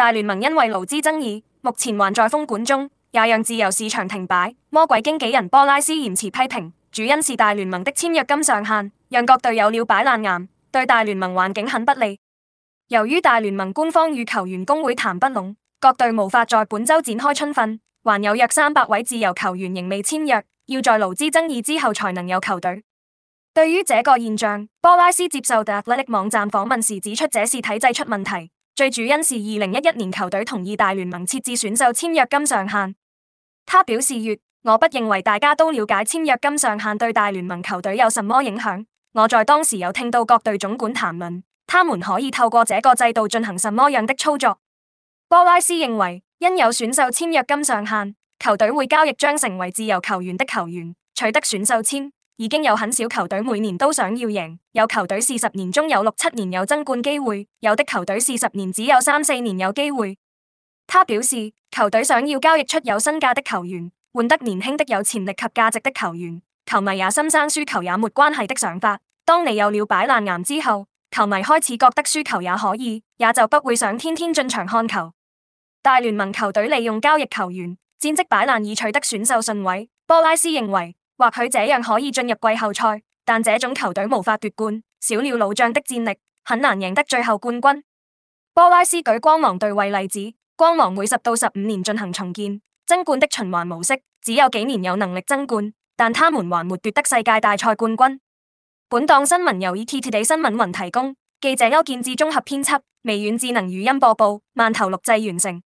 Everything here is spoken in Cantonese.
大聯盟因為勞資爭議，目前還在封館中，也讓自由市場停擺。魔鬼經紀人波拉斯嚴詞批評，主因是大聯盟的簽約金上限，讓各隊有了擺爛癌，對大聯盟環境很不利。由於大聯盟官方與球員工會談不攏，各隊無法在本周展開春訓，還有約三百位自由球員仍未簽約，要在勞資爭議之後才能有球隊。對於這個現象，波拉斯接受 The Athletic 網站訪問時指出，這是體制出問題。最主因是二零一一年球隊同意大聯盟設置選秀簽約金上限。他表示：月我不認為大家都了解簽約金上限對大聯盟球隊有什麼影響。我在當時有聽到各隊總管談論，他們可以透過這個制度進行什麼樣的操作。波拉斯認為，因有選秀簽約金上限，球隊會交易將成為自由球員的球員，取得選秀簽。已經有很少球隊每年都想要贏，有球隊是十年中有六七年有爭冠機會，有的球隊是十年只有三四年有機會。他表示，球隊想要交易出有身價的球員，換得年輕的有潛力及價值的球員，球迷也心生輸球也沒關係的想法。當你有了擺爛癌之後，球迷開始覺得輸球也可以，也就不會想天天進場看球。大聯盟球隊利用交易球員戰績擺爛而取得選秀順位，波拉斯認為。或許這樣可以進入季後賽，但這種球隊無法奪冠，少了老將的戰力，很難贏得最後冠軍。波拉斯舉光芒隊為例子，光芒每十到十五年進行重建，爭冠的循環模式只有幾年有能力爭冠，但他們還沒奪得世界大賽冠軍。本檔新聞由 ETtoday 新聞雲提供，記者歐建智綜合編輯，微軟智能語音播報，慢頭錄製完成。